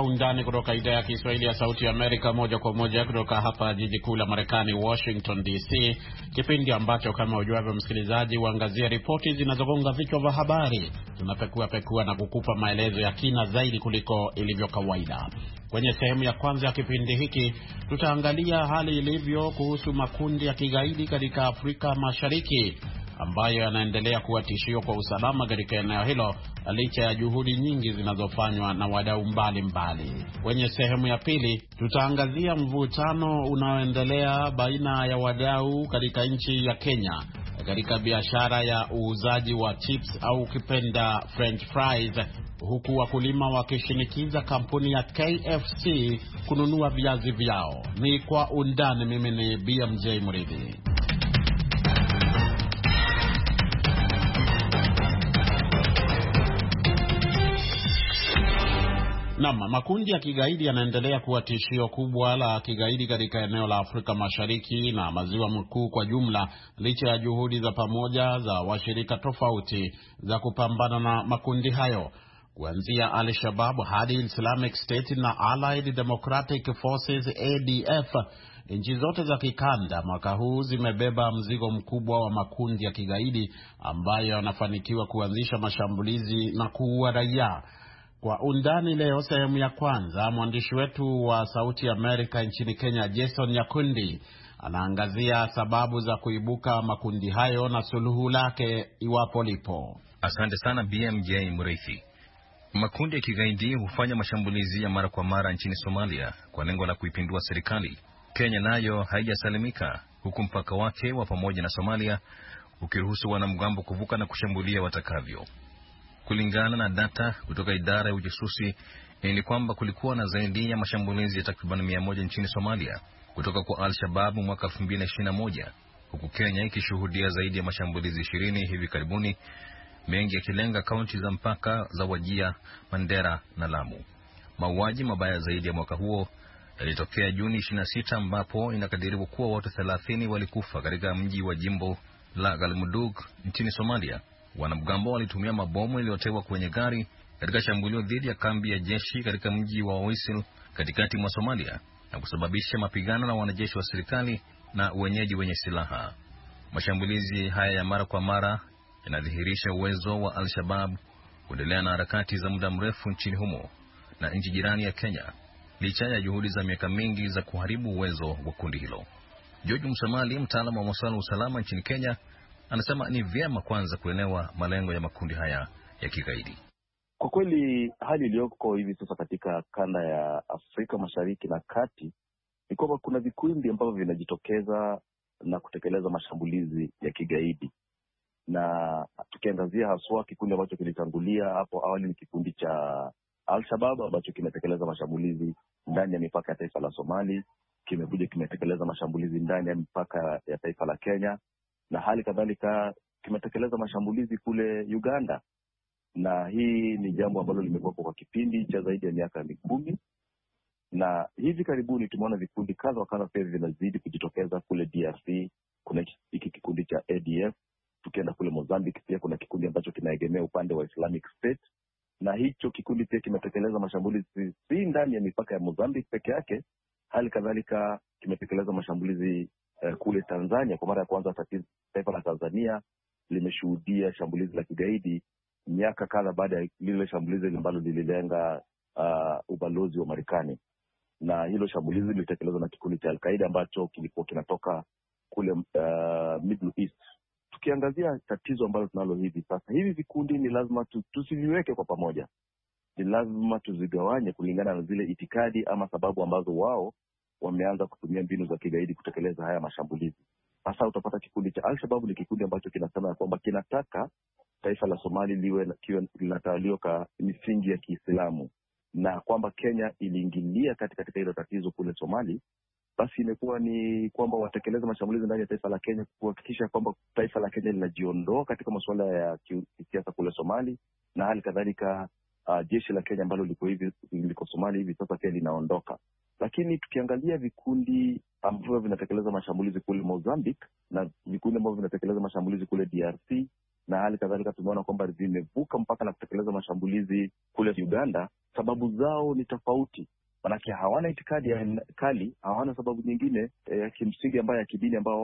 kwa undani kutoka idhaa ya Kiswahili ya Sauti Amerika, moja kwa moja kutoka hapa jiji kuu la Marekani, Washington DC, kipindi ambacho kama ujuavyo, msikilizaji, huangazia ripoti zinazogonga vichwa vya habari. Tunapekua pekua na kukupa maelezo ya kina zaidi kuliko ilivyo kawaida. Kwenye sehemu ya kwanza ya kipindi hiki tutaangalia hali ilivyo kuhusu makundi ya kigaidi katika Afrika Mashariki ambayo yanaendelea kuwa tishio kwa usalama katika eneo hilo licha ya juhudi nyingi zinazofanywa na wadau mbalimbali. Kwenye sehemu ya pili, tutaangazia mvutano unaoendelea baina ya wadau katika nchi ya Kenya katika biashara ya uuzaji wa chips au ukipenda french fries, huku wakulima wakishinikiza kampuni ya KFC kununua viazi vyao. Ni kwa undani. Mimi ni BMJ Mridhi. Naam, makundi ya kigaidi yanaendelea kuwa tishio kubwa la kigaidi katika eneo la Afrika Mashariki na Maziwa Makuu kwa jumla, licha ya juhudi za pamoja za washirika tofauti za kupambana na makundi hayo kuanzia Al-Shabab hadi Islamic State na Allied Democratic Forces ADF. Nchi zote za kikanda mwaka huu zimebeba mzigo mkubwa wa makundi ya kigaidi ambayo yanafanikiwa kuanzisha mashambulizi na kuua raia. Kwa undani leo sehemu ya kwanza, mwandishi wetu wa Sauti Amerika nchini Kenya Jason Nyakundi anaangazia sababu za kuibuka makundi hayo na suluhu lake iwapo lipo. Asante sana BMJ Murithi. Makundi ya kigaidi hufanya mashambulizi ya mara kwa mara nchini Somalia kwa lengo la kuipindua serikali. Kenya nayo haijasalimika, huku mpaka wake wa pamoja na Somalia ukiruhusu wanamgambo kuvuka na kushambulia watakavyo. Kulingana na data kutoka idara ya ujasusi eh, ni kwamba kulikuwa na zaidi ya mashambulizi ya takriban mia moja nchini Somalia kutoka kwa al shabab mwaka 2021 huku Kenya ikishuhudia zaidi ya mashambulizi ishirini hivi karibuni, mengi yakilenga kaunti za mpaka za Wajia, Mandera na Lamu. Mauaji mabaya zaidi ya mwaka huo yalitokea Juni 26 ambapo inakadiriwa kuwa watu 30 walikufa katika mji wa jimbo la Galmudug nchini Somalia Wanamgambo walitumia mabomu yaliyotegwa kwenye gari katika shambulio dhidi ya kambi ya jeshi katika mji wa Oisil katikati mwa Somalia na kusababisha mapigano na wanajeshi wa serikali na wenyeji wenye silaha. Mashambulizi haya ya mara kwa mara yanadhihirisha uwezo wa Al-Shabab kuendelea na harakati za muda mrefu nchini humo na nchi jirani ya Kenya licha ya juhudi za miaka mingi za kuharibu uwezo wa kundi hilo. George Msamali, mtaalamu wa masuala ya usalama nchini Kenya, anasema ni vyema kwanza kuelewa malengo ya makundi haya ya kigaidi. Kwa kweli hali iliyoko hivi sasa katika kanda ya Afrika Mashariki na Kati ni kwamba kuna vikundi ambavyo vinajitokeza na kutekeleza mashambulizi ya kigaidi, na tukiangazia haswa kikundi ambacho kilitangulia hapo awali ni kikundi cha Al-Shabab ambacho kimetekeleza mashambulizi ndani ya mipaka ya taifa la Somali, kimekuja kimetekeleza mashambulizi ndani ya mipaka ya taifa la Kenya, na hali kadhalika kimetekeleza mashambulizi kule Uganda, na hii ni jambo ambalo limekuwepo kwa kipindi cha zaidi ya miaka mikumi na hivi karibuni tumeona vikundi kadha wa kadha pia vinazidi kujitokeza kule DRC. Kuna hiki kikundi cha ADF. Tukienda kule Mozambique, pia kuna kikundi ambacho kinaegemea upande wa Islamic State, na hicho kikundi pia kimetekeleza mashambulizi si ndani ya mipaka ya Mozambique peke yake, hali kadhalika kimetekeleza mashambulizi eh, kule Tanzania. Kwa mara ya kwanza taifa la Tanzania limeshuhudia shambulizi la kigaidi miaka kadha baada ya lile shambulizi ambalo lililenga uh, ubalozi wa Marekani, na hilo shambulizi lilitekelezwa na kikundi cha Alqaida ambacho kilikuwa kinatoka kule uh, Middle East. Tukiangazia tatizo ambalo tunalo hivi sasa, hivi vikundi ni lazima tusiviweke kwa pamoja, ni lazima tuzigawanye kulingana na zile itikadi ama sababu ambazo wao wameanza kutumia mbinu za kigaidi kutekeleza haya mashambulizi. Sasa utapata kikundi cha Alshababu ni kikundi ambacho kinasema ya kwamba kinataka taifa la Somali liwe linatawaliwa ka misingi ya Kiislamu na kwamba Kenya iliingilia kati katika hilo tatizo kule Somali, basi imekuwa ni kwamba watekeleza mashambulizi ndani ya taifa la Kenya kuhakikisha kwamba taifa la Kenya linajiondoa katika masuala ya kisiasa kule Somali, na hali kadhalika uh, jeshi la Kenya ambalo liko hivi liko Somali hivi sasa pia linaondoka. Lakini tukiangalia vikundi ambavyo vinatekeleza mashambulizi kule Mozambique na vikundi ambavyo vinatekeleza mashambulizi kule DRC na hali kadhalika, tumeona kwamba vimevuka mpaka na kutekeleza mashambulizi kule Uganda. Sababu zao ni tofauti, manake hawana itikadi kali, hawana sababu nyingine eh, ya e, kimsingi ambayo ya kidini ambao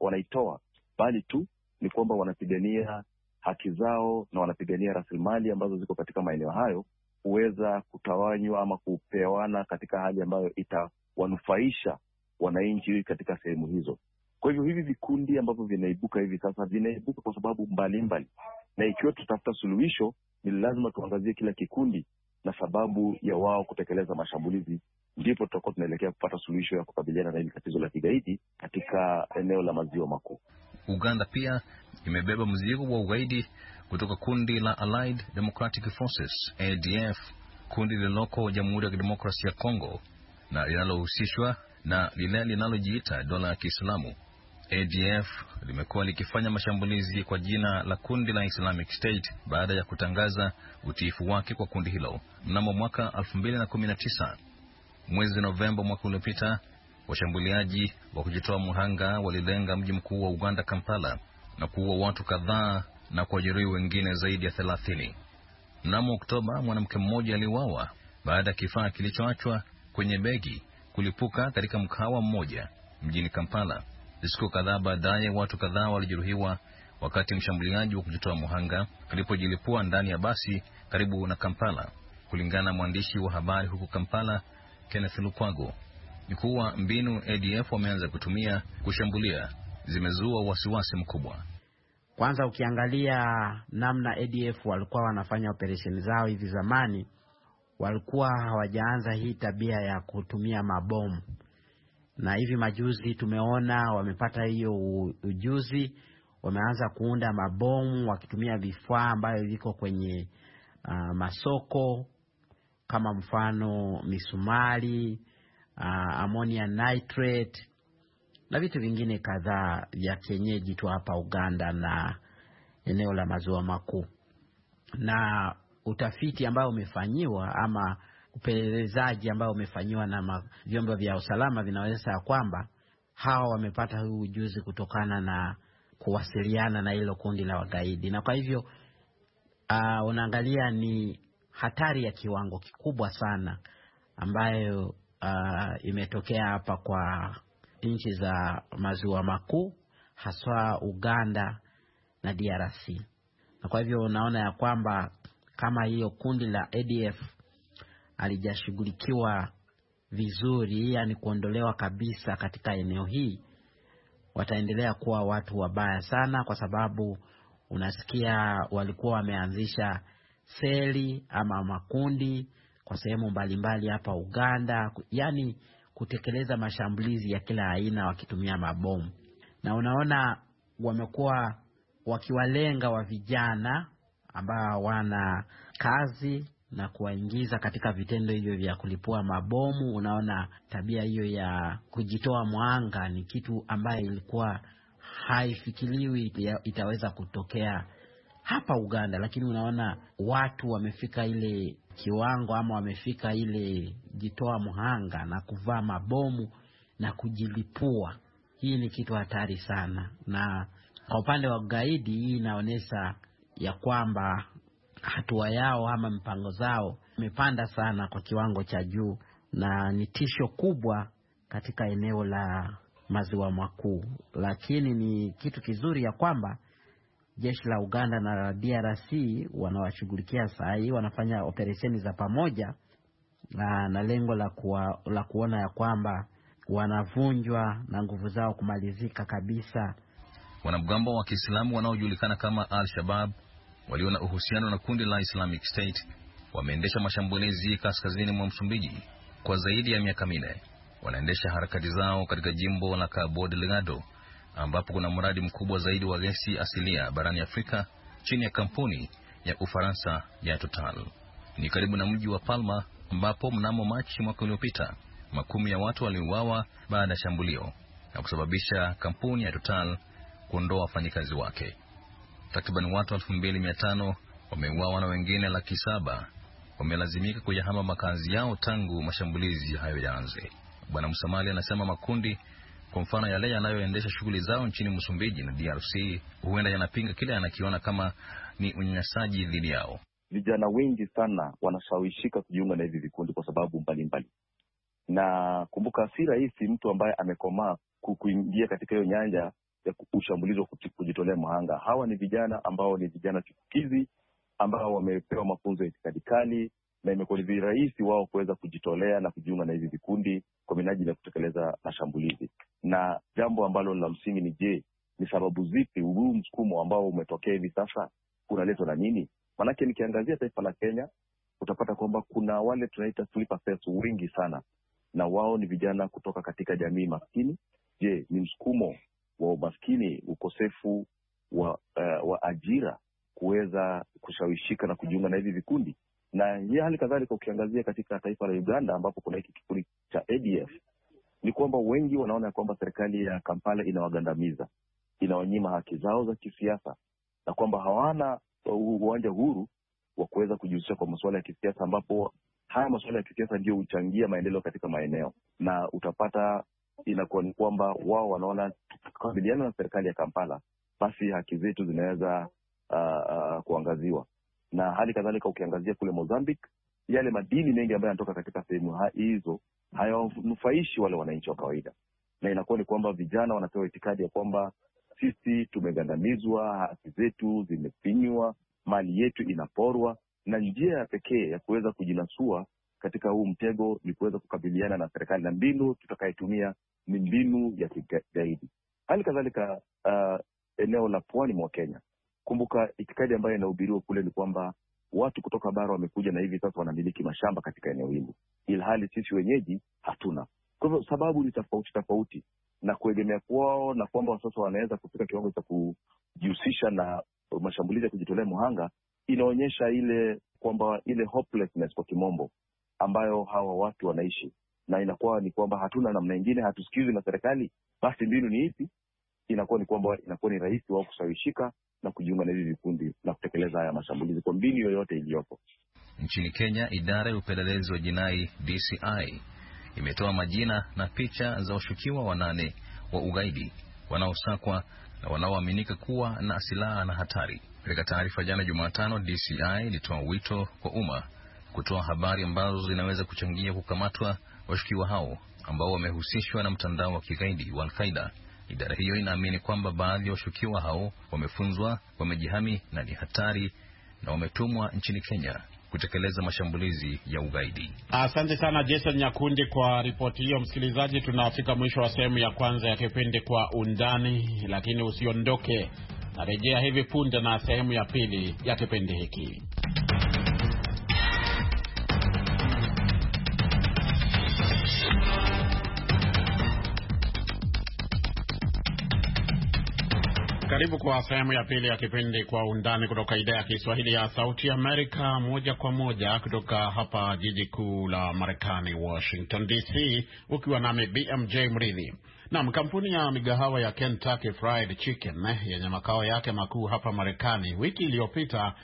wanaitoa wana, wana bali tu ni kwamba wanapigania haki zao na wanapigania rasilimali ambazo ziko katika maeneo hayo, kuweza kutawanywa ama kupewana katika hali ambayo itawanufaisha wananchi katika sehemu hizo. Kwa hivyo hivi vikundi ambavyo vinaibuka hivi sasa vinaibuka kwa sababu mbalimbali mbali. Na ikiwa tutafuta suluhisho, ni lazima tuangazie kila kikundi na sababu ya wao kutekeleza mashambulizi, ndipo tutakuwa tunaelekea kupata suluhisho ya kukabiliana na hili tatizo la kigaidi katika eneo la maziwa makuu. Uganda pia imebeba mzigo wa ugaidi kutoka kundi la Allied Democratic Forces ADF, kundi lililoko Jamhuri ya Kidemokrasia ya Kongo na linalohusishwa na lile linalojiita dola ya Kiislamu. ADF limekuwa likifanya mashambulizi kwa jina la kundi la Islamic State baada ya kutangaza utiifu wake kwa kundi hilo mnamo mwaka 2019. Mwezi Novemba mwaka uliopita, washambuliaji wa kujitoa muhanga walilenga mji mkuu wa Uganda, Kampala, na kuua watu kadhaa na kuwajeruhi wengine zaidi ya thelathini. Mnamo Oktoba, mwanamke mmoja aliuawa baada ya kifaa kilichoachwa kwenye begi kulipuka katika mkahawa mmoja mjini Kampala. Siku kadhaa baadaye, watu kadhaa walijeruhiwa wakati mshambuliaji wa kujitoa muhanga alipojilipua ndani ya basi karibu na Kampala, kulingana na mwandishi wa habari huko Kampala Kenneth Lukwago. Ni kuwa mbinu ADF wameanza kutumia kushambulia zimezua wasiwasi mkubwa. Kwanza ukiangalia namna ADF walikuwa wanafanya operesheni zao hivi zamani, walikuwa hawajaanza hii tabia ya kutumia mabomu, na hivi majuzi tumeona wamepata hiyo ujuzi, wameanza kuunda mabomu wakitumia vifaa ambayo viko kwenye uh, masoko kama mfano misumari, uh, ah, ammonia nitrate na vitu vingine kadhaa vya kienyeji tu hapa Uganda na eneo la maziwa makuu. Na utafiti ambao umefanyiwa ama upelelezaji ambao umefanyiwa na vyombo vya usalama vinaweza ya kwamba hawa wamepata huu ujuzi kutokana na kuwasiliana na hilo kundi la wagaidi, na kwa hivyo uh, unaangalia ni hatari ya kiwango kikubwa sana ambayo uh, imetokea hapa kwa nchi za maziwa makuu haswa Uganda na DRC. Na kwa hivyo unaona ya kwamba kama hiyo kundi la ADF alijashughulikiwa vizuri, yani kuondolewa kabisa katika eneo hii, wataendelea kuwa watu wabaya sana, kwa sababu unasikia walikuwa wameanzisha seli ama makundi kwa sehemu mbalimbali hapa Uganda, yani kutekeleza mashambulizi ya kila aina wakitumia mabomu, na unaona wamekuwa wakiwalenga wa vijana ambao wana kazi na kuwaingiza katika vitendo hivyo vya kulipua mabomu. Unaona tabia hiyo ya kujitoa mwanga ni kitu ambayo ilikuwa haifikiriwi itaweza kutokea hapa Uganda, lakini unaona watu wamefika ile kiwango ama wamefika ile jitoa mhanga na kuvaa mabomu na kujilipua. Hii ni kitu hatari sana, na kwa upande wa ugaidi, hii inaonyesha ya kwamba hatua yao ama mipango zao imepanda sana kwa kiwango cha juu, na ni tisho kubwa katika eneo la maziwa makuu. Lakini ni kitu kizuri ya kwamba jeshi la Uganda na la DRC wanawashughulikia saa hii, wanafanya operesheni za pamoja na, na lengo la, kuwa, la kuona ya kwamba wanavunjwa na nguvu zao kumalizika kabisa. Wanamgambo wa Kiislamu wanaojulikana kama Al-Shabab walio na uhusiano na kundi la Islamic State wameendesha mashambulizi kaskazini mwa Msumbiji kwa zaidi ya miaka minne. Wanaendesha harakati zao katika jimbo la Cabo Delgado ambapo kuna mradi mkubwa zaidi wa gesi asilia barani Afrika chini ya kampuni ya Ufaransa ya Total. Ni karibu na mji wa Palma ambapo mnamo Machi mwaka uliopita makumi ya watu waliuawa baada ya shambulio na kusababisha kampuni ya Total kuondoa wafanyakazi wake. Takriban watu 2500 wameuawa na wengine laki saba wamelazimika kuyahama makazi yao tangu mashambulizi hayo yaanze. Bwana Msamali anasema makundi kwa mfano yale yanayoendesha shughuli zao nchini Msumbiji na DRC huenda yanapinga kile yanakiona kama ni unyanyasaji dhidi yao. Vijana wengi sana wanashawishika kujiunga na hivi vikundi kwa sababu mbalimbali mbali. Na kumbuka, si rahisi mtu ambaye amekomaa kuingia katika hiyo nyanja ya ushambulizi wa kujitolea mhanga. Hawa ni vijana ambao ni vijana chukizi ambao wamepewa mafunzo ya itikadi kali na imekuwa ni virahisi wao kuweza kujitolea na kujiunga na hivi vikundi kwa minajili ya kutekeleza mashambulizi. Na jambo ambalo la msingi ni je, ni sababu zipi huu msukumo ambao umetokea hivi sasa unaletwa na nini? Maanake nikiangazia taifa la Kenya utapata kwamba kuna wale tunaita sleeper cells wengi sana, na wao ni vijana kutoka katika jamii maskini. Je, ni msukumo wa umaskini, ukosefu wa, uh, wa ajira kuweza kushawishika na kujiunga na hivi vikundi? na hii hali kadhalika ukiangazia katika taifa la Uganda ambapo kuna hiki kikundi cha ADF ni kwamba wengi wanaona kwamba serikali ya Kampala inawagandamiza, inawanyima haki zao za kisiasa, na kwamba hawana uwanja huru wa kuweza kujihusisha kwa masuala ya kisiasa, ambapo haya masuala ya kisiasa ndio huchangia maendeleo katika maeneo, na utapata inakuwa ni kwamba wao wanaona tukikabiliana na serikali ya Kampala basi haki zetu zinaweza uh, uh, kuangaziwa na hali kadhalika ukiangazia kule Mozambique, yale madini mengi ambayo yanatoka katika sehemu hizo hayawanufaishi wale wananchi wa kawaida, na inakuwa ni kwamba vijana wanapewa itikadi ya kwamba sisi tumegandamizwa, haki zetu zimefinywa, mali yetu inaporwa, na njia ya pekee ya kuweza kujinasua katika huu mtego ni kuweza kukabiliana na serikali, na mbinu tutakayetumia ni mbinu ya kigaidi. Hali kadhalika uh, eneo la pwani mwa Kenya Kumbuka itikadi ambayo inahubiriwa kule ni kwamba watu kutoka bara wamekuja na hivi sasa wanamiliki mashamba katika eneo hili, ilhali sisi wenyeji hatuna. Kwa hivyo sababu ni tofauti tofauti, na kuegemea kwao na kwamba sasa wanaweza kufika kiwango cha kujihusisha na mashambulizi ya kujitolea muhanga inaonyesha ile kwamba ile hopelessness kwa kimombo ambayo hawa watu wanaishi, na inakuwa ni kwamba hatuna namna ingine, hatusikizwi na serikali, basi mbinu ni hipi Inakuwa ni kwamba inakuwa ni rahisi wao kusawishika na kujiunga na hivi vikundi na kutekeleza haya mashambulizi kwa mbinu yoyote iliyopo. Nchini Kenya, idara ya upelelezi wa jinai DCI imetoa majina na picha za washukiwa wanane wa ugaidi wanaosakwa na wanaoaminika kuwa na silaha na hatari. Katika taarifa jana Jumatano, DCI ilitoa wito kwa umma kutoa habari ambazo zinaweza kuchangia kukamatwa washukiwa hao ambao wamehusishwa na mtandao wa kigaidi wa Alqaida. Idara hiyo inaamini kwamba baadhi ya washukiwa hao wamefunzwa, wamejihami na ni hatari na wametumwa nchini Kenya kutekeleza mashambulizi ya ugaidi. Asante sana Jason Nyakundi kwa ripoti hiyo. Msikilizaji, tunafika mwisho wa sehemu ya kwanza ya kipindi Kwa Undani, lakini usiondoke, narejea hivi punde na sehemu ya pili ya kipindi hiki. Karibu kwa sehemu ya pili ya kipindi Kwa Undani kutoka idhaa ya Kiswahili ya Sauti Amerika, moja kwa moja kutoka hapa jiji kuu la Marekani, Washington DC, ukiwa nami BMJ Mridhi. nam kampuni ya migahawa ya Kentucky Fried Chicken eh, yenye makao yake makuu hapa Marekani wiki iliyopita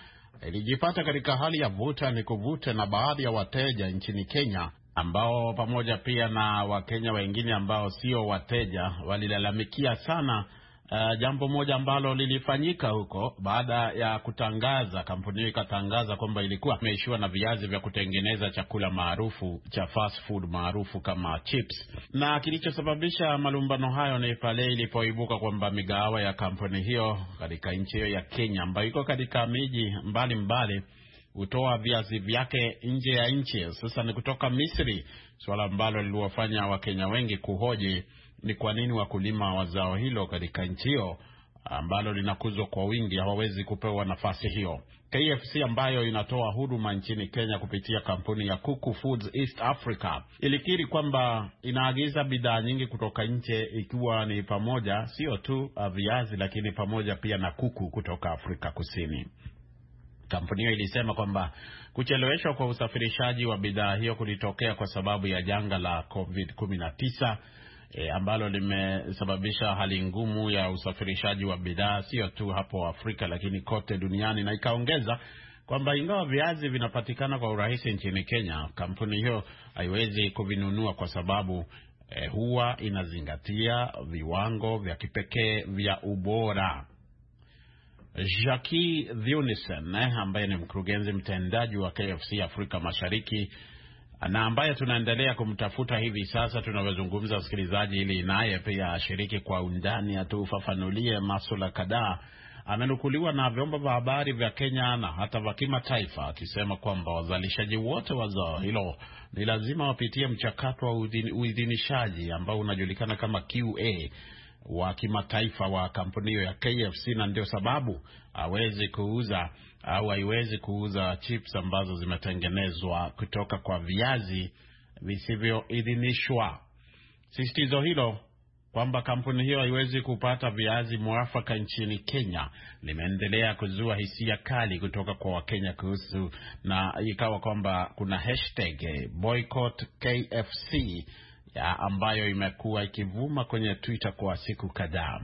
eh, ilijipata katika hali ya vuta ni kuvute na baadhi ya wateja nchini Kenya ambao pamoja pia na Wakenya wengine ambao sio wateja walilalamikia sana Uh, jambo moja ambalo lilifanyika huko baada ya kutangaza, kampuni hiyo ikatangaza kwamba ilikuwa imeishiwa na viazi vya kutengeneza chakula maarufu cha fast food maarufu kama chips, na kilichosababisha malumbano hayo ni pale ilipoibuka kwamba migahawa ya kampuni hiyo katika nchi hiyo ya Kenya ambayo iko katika miji mbalimbali hutoa viazi vyake nje ya nchi, sasa ni kutoka Misri, suala ambalo liliwafanya Wakenya wengi kuhoji ni kwa nini wakulima wa zao hilo katika nchi hiyo ambalo linakuzwa kwa wingi hawawezi kupewa nafasi hiyo. KFC ambayo inatoa huduma nchini Kenya kupitia kampuni ya Kuku Foods East Africa ilikiri kwamba inaagiza bidhaa nyingi kutoka nje, ikiwa ni pamoja sio tu uh, viazi, lakini pamoja pia na kuku kutoka Afrika Kusini. Kampuni hiyo ilisema kwamba kucheleweshwa kwa usafirishaji wa bidhaa hiyo kulitokea kwa sababu ya janga la COVID-19 e, ambalo limesababisha hali ngumu ya usafirishaji wa bidhaa sio tu hapo Afrika lakini kote duniani, na ikaongeza kwamba ingawa viazi vinapatikana kwa urahisi nchini Kenya, kampuni hiyo haiwezi kuvinunua kwa sababu e, huwa inazingatia viwango vya kipekee vya ubora. Jackie Theunison eh, ambaye ni mkurugenzi mtendaji wa KFC Afrika Mashariki na ambaye tunaendelea kumtafuta hivi sasa tunavyozungumza, msikilizaji, ili naye pia ashiriki kwa undani, atufafanulie maswala kadhaa. Amenukuliwa na vyombo vya habari vya Kenya na hata vya kimataifa akisema kwamba wazalishaji wote wa zao hilo ni lazima wapitie mchakato wa uidhinishaji ambao unajulikana kama QA wa kimataifa wa kampuni hiyo ya KFC, na ndio sababu hawezi kuuza au haiwezi kuuza chips ambazo zimetengenezwa kutoka kwa viazi visivyoidhinishwa. Sisitizo hilo kwamba kampuni hiyo haiwezi kupata viazi mwafaka nchini Kenya limeendelea kuzua hisia kali kutoka kwa Wakenya kuhusu, na ikawa kwamba kuna hashtag boycott KFC ya ambayo imekuwa ikivuma kwenye Twitter kwa siku kadhaa.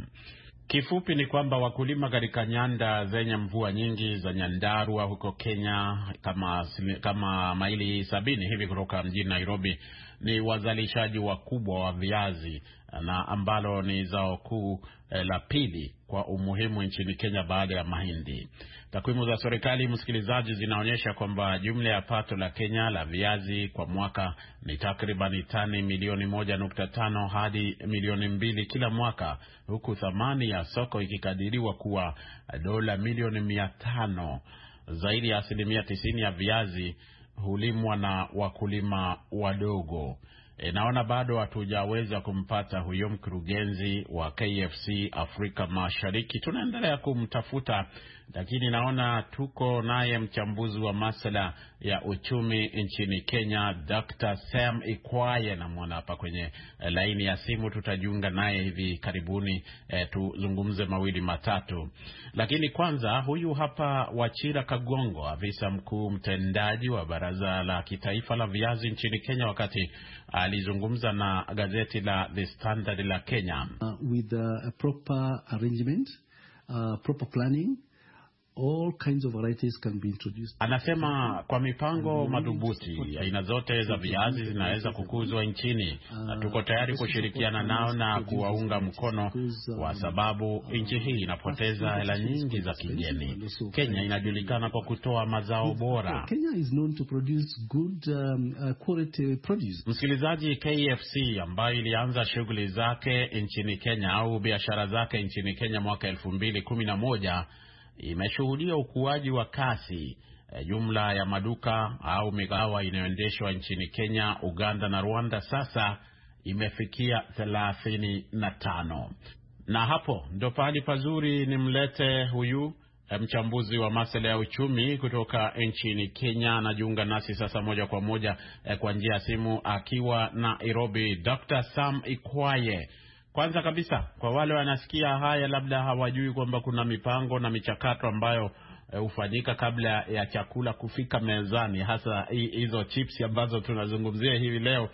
Kifupi ni kwamba wakulima katika nyanda zenye mvua nyingi za Nyandarua huko Kenya, kama, kama maili sabini hivi kutoka mjini Nairobi ni wazalishaji wakubwa wa viazi na ambalo ni zao kuu eh, la pili kwa umuhimu nchini Kenya baada ya mahindi. Takwimu za serikali, msikilizaji, zinaonyesha kwamba jumla ya pato la Kenya la viazi kwa mwaka ni takriban tani milioni moja nukta tano hadi milioni mbili kila mwaka, huku thamani ya soko ikikadiriwa kuwa dola milioni mia tano. Zaidi ya asilimia tisini ya viazi hulimwa na wakulima wadogo. E, naona bado hatujaweza kumpata huyo mkurugenzi wa KFC Afrika Mashariki. Tunaendelea kumtafuta lakini naona tuko naye mchambuzi wa masuala ya uchumi nchini Kenya, Dr. Sam Ikwaye namwona hapa kwenye eh, laini ya simu. Tutajiunga naye hivi karibuni eh, tuzungumze mawili matatu, lakini kwanza huyu hapa Wachira Kagongo, afisa mkuu mtendaji wa Baraza la Kitaifa la Viazi nchini Kenya, wakati alizungumza na gazeti la The Standard la Kenya. Uh, with uh, a proper arrangement, uh, proper planning all kinds of varieties can be introduced. Anasema kwa mipango madhubuti aina zote za viazi zinaweza kukuzwa nchini, na tuko tayari kushirikiana nao na kuwaunga mkono, um, kwa sababu nchi hii uh, inapoteza hela nyingi za kigeni. Kenya inajulikana kwa kutoa mazao uh, bora. Kenya is known to produce good um, uh, quality produce. Msikilizaji, KFC ambayo ilianza shughuli zake nchini Kenya au biashara zake nchini Kenya mwaka elfu mbili kumi na moja imeshuhudia ukuaji wa kasi. Eh, jumla ya maduka au migawa inayoendeshwa nchini Kenya, Uganda na Rwanda sasa imefikia thelathini na tano. Na hapo ndo pahali pazuri nimlete huyu eh, mchambuzi wa masuala ya uchumi kutoka nchini Kenya. Anajiunga nasi sasa moja kwa moja eh, kwa njia ya simu akiwa Nairobi, Dr. Sam Ikwaye. Kwanza kabisa kwa wale wanasikia haya, labda hawajui kwamba kuna mipango na michakato ambayo eh, hufanyika uh, kabla ya chakula kufika mezani, hasa hizo chips ambazo tunazungumzia hivi leo.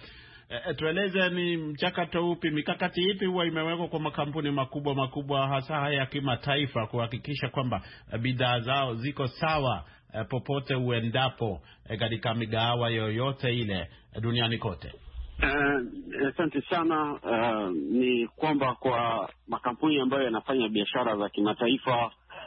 E, tueleze ni mchakato upi, mikakati ipi huwa imewekwa kwa makampuni makubwa makubwa hasa haya ya kimataifa kuhakikisha kwamba bidhaa zao ziko sawa e, popote uendapo katika e, migahawa yoyote ile duniani kote? Eh, asante uh, sana uh, ni kwamba kwa makampuni ambayo yanafanya biashara za kimataifa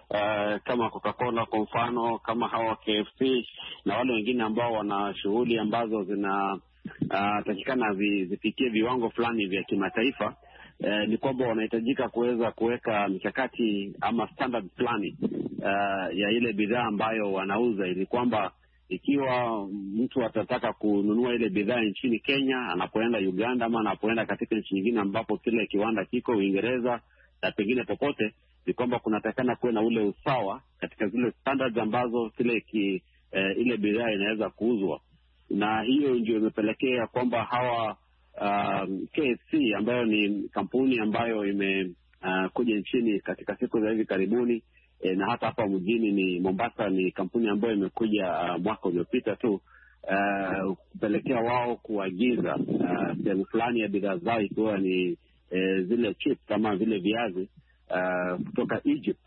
uh, kama Coca-Cola kwa mfano, kama hawa KFC na wale wengine ambao wana shughuli ambazo zinatakikana uh, zifikie viwango fulani vya kimataifa uh, ni kwamba wanahitajika kuweza kuweka mikakati ama standard fulani uh, ya ile bidhaa ambayo wanauza ili kwamba ikiwa mtu atataka kununua ile bidhaa nchini Kenya, anapoenda Uganda ama anapoenda katika nchi nyingine ambapo kile kiwanda kiko Uingereza na pengine popote, ni kwamba kunatakana kuwe na ule usawa katika zile standards ambazo kile ki, eh, ile bidhaa inaweza kuuzwa, na hiyo ndio imepelekea kwamba hawa uh, um, KFC ambayo ni kampuni ambayo imekuja uh, nchini katika siku za hivi karibuni e, na hata hapa mjini ni Mombasa ni kampuni ambayo imekuja uh, mwaka uliopita tu uh, kupelekea wao kuagiza uh, sehemu fulani ya bidhaa zao ikiwa ni e, zile chips kama vile viazi uh, kutoka Egypt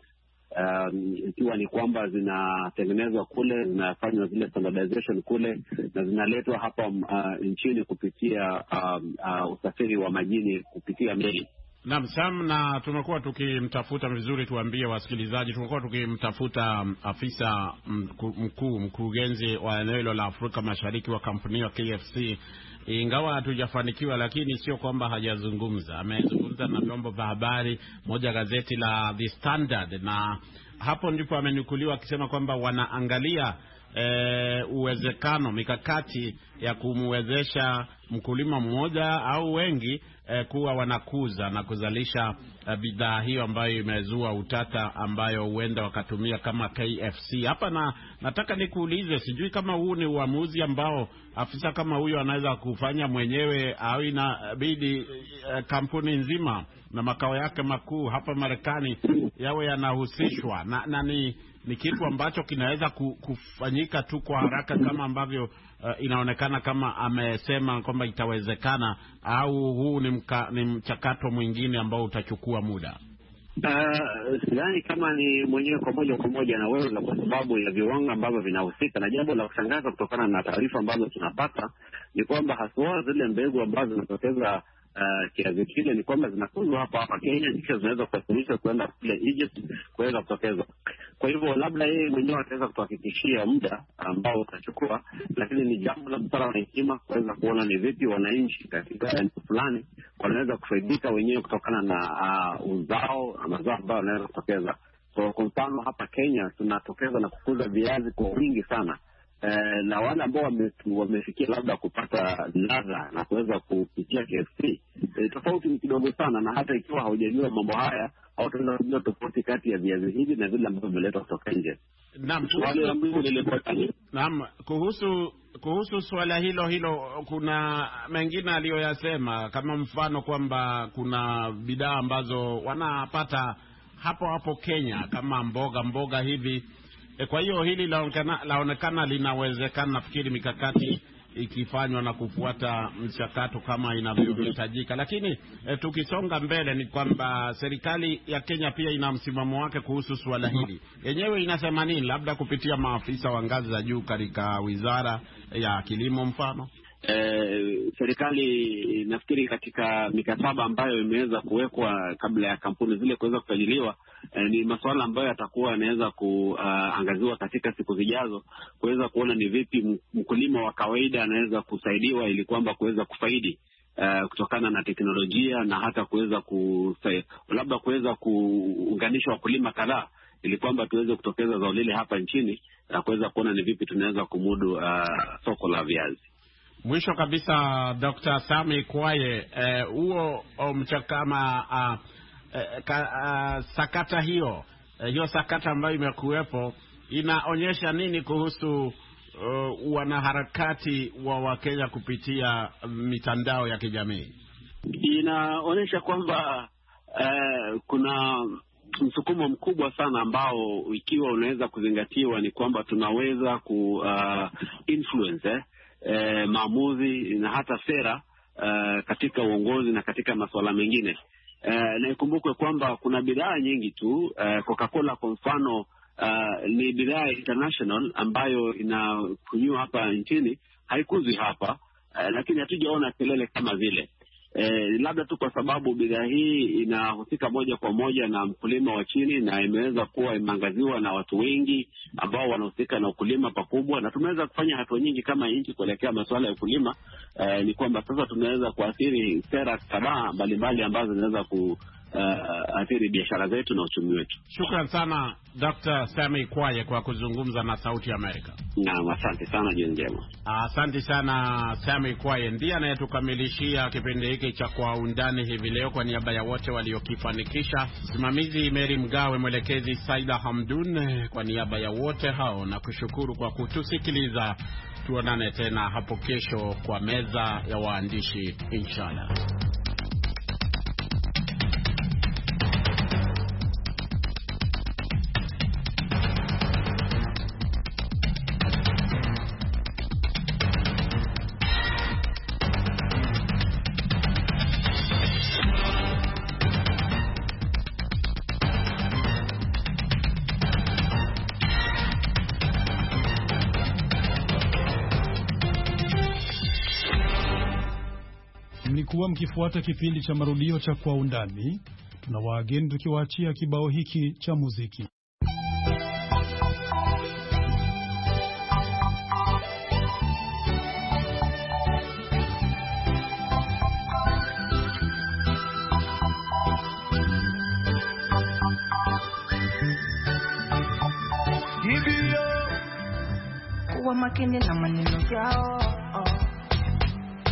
Um, ikiwa ni kwamba zinatengenezwa kule, zinafanywa zile standardization kule na zinaletwa hapa uh, nchini kupitia um, uh, usafiri wa majini kupitia meli. Naam, Sam, na tumekuwa tukimtafuta vizuri, tuambie wasikilizaji, tumekuwa tukimtafuta um, afisa um, mkuu mkurugenzi wa eneo hilo la Afrika Mashariki wa kampuni ya KFC, ingawa hatujafanikiwa, lakini sio kwamba hajazungumza. Amezungumza na vyombo vya habari, moja gazeti la The Standard, na hapo ndipo amenukuliwa akisema kwamba wanaangalia E, uwezekano mikakati ya kumwezesha mkulima mmoja au wengi eh, kuwa wanakuza na kuzalisha Eh, bidhaa hiyo ambayo imezua utata, ambayo huenda wakatumia kama KFC hapa. Na nataka nikuulize, sijui kama huu ni uamuzi ambao afisa kama huyo anaweza kufanya mwenyewe au inabidi eh, kampuni nzima na makao yake makuu hapa Marekani yawe yanahusishwa na, na ni, ni kitu ambacho kinaweza kufanyika tu kwa haraka kama ambavyo uh, inaonekana kama amesema kwamba itawezekana, au huu ni, mka, ni mchakato mwingine ambao utachukua kuchukua muda? Ah, sidhani kama ni mwenyewe kwa moja kwa moja na wewe, kwa sababu ya viwango ambavyo vinahusika. Na jambo la kushangaza kutokana na taarifa ambazo tunapata ni kwamba haswa zile mbegu ambazo zinapoteza uh, kile ni kwamba zinakuzwa hapa hapa Kenya, kisha zinaweza kusafirishwa kuenda kule Egypt kuweza kutokezwa. Kwa hivyo labda yeye mwenyewe ataweza kutuhakikishia muda ambao utachukua, lakini ni jambo la busara na hekima kuweza kuona ni vipi wananchi katika eneo fulani wanaweza kufaidika wenyewe kutokana na uh, uzao mazao ambayo wanaweza kutokeza. So, kwa mfano hapa Kenya tunatokeza na kukuza viazi kwa wingi sana Eh, na wale ambao wamefikia labda kupata ladha na kuweza kupitia KFC e, eh, tofauti ni kidogo sana, na hata ikiwa haujajua mambo haya hautaweza kujua tofauti kati ya viazi hivi na vile ambavyo vimeletwa kutoka nje. Naam, naam. Kuhusu kuhusu suala hilo hilo, kuna mengine aliyoyasema kama mfano kwamba kuna bidhaa ambazo wanapata hapo hapo Kenya kama mboga mboga hivi Eh, kwa hiyo hili laonekana, laonekana linawezekana. Nafikiri mikakati ikifanywa na kufuata mchakato kama inavyohitajika. Lakini e, tukisonga mbele ni kwamba serikali ya Kenya pia ina msimamo wake kuhusu suala hili. Yenyewe inasema nini, labda kupitia maafisa wa ngazi za juu katika wizara ya kilimo mfano? eh, serikali eh, nafikiri katika mikataba ambayo imeweza kuwekwa kabla ya kampuni zile kuweza kusajiliwa, eh, ni masuala ambayo yatakuwa yanaweza kuangaziwa ah, uh, katika siku zijazo kuweza kuona ni vipi mkulima wa kawaida anaweza kusaidiwa ili kwamba kuweza kufaidi Uh, kutokana na teknolojia na hata kuweza ku labda kuweza kuunganisha wakulima kadhaa ili kwamba tuweze kutokeza zao lile hapa nchini na kuweza kuona ni vipi tunaweza kumudu uh, soko la viazi. Mwisho kabisa, Dr. Sami Kwaye, eh, huo eh, mchakama ah, eh, ah, sakata hiyo eh, hiyo sakata ambayo imekuwepo inaonyesha nini kuhusu uh, wanaharakati wa Wakenya kupitia mitandao ya kijamii? Inaonyesha kwamba eh, kuna msukumo mkubwa sana ambao ikiwa unaweza kuzingatiwa ni kwamba tunaweza ku uh, influence eh? eh, maamuzi na hata sera eh, katika uongozi na katika masuala mengine eh, na ikumbukwe kwamba kuna bidhaa nyingi tu eh, Coca-Cola kwa mfano Uh, ni bidhaa international ambayo inakunywa hapa nchini haikuzwi hapa uh, lakini hatujaona kelele kama vile eh, labda tu kwa sababu bidhaa hii inahusika moja kwa moja na mkulima wa chini na imeweza kuwa imeangaziwa na watu wengi ambao wanahusika na ukulima pakubwa, na tumeweza kufanya hatua nyingi kama nchi kuelekea masuala ya ukulima. Eh, ni kwamba sasa tunaweza kuathiri sera kadhaa mbalimbali ambazo zinaweza ku uh, athiri biashara zetu na uchumi wetu. Shukran sana Dr. Sami Kwaye kwa kuzungumza na Sauti ya Amerika. Naam, asante sana, jioni njema. Asante sana Sami Kwaye, ndiye anayetukamilishia kipindi hiki cha Kwa Undani hivi leo. Kwa niaba ya wote waliokifanikisha, msimamizi Meri Mgawe, mwelekezi Saida Hamdun, kwa niaba ya wote hao na kushukuru kwa kutusikiliza. Tuonane tena hapo kesho kwa meza ya waandishi, inshallah. mlikuwa mkifuata kipindi cha marudio cha Kwa Undani. Tuna waageni tukiwaachia kibao hiki cha muziki. Hivyo kuwa makini na maneno yao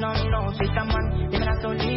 no no si está mal, me la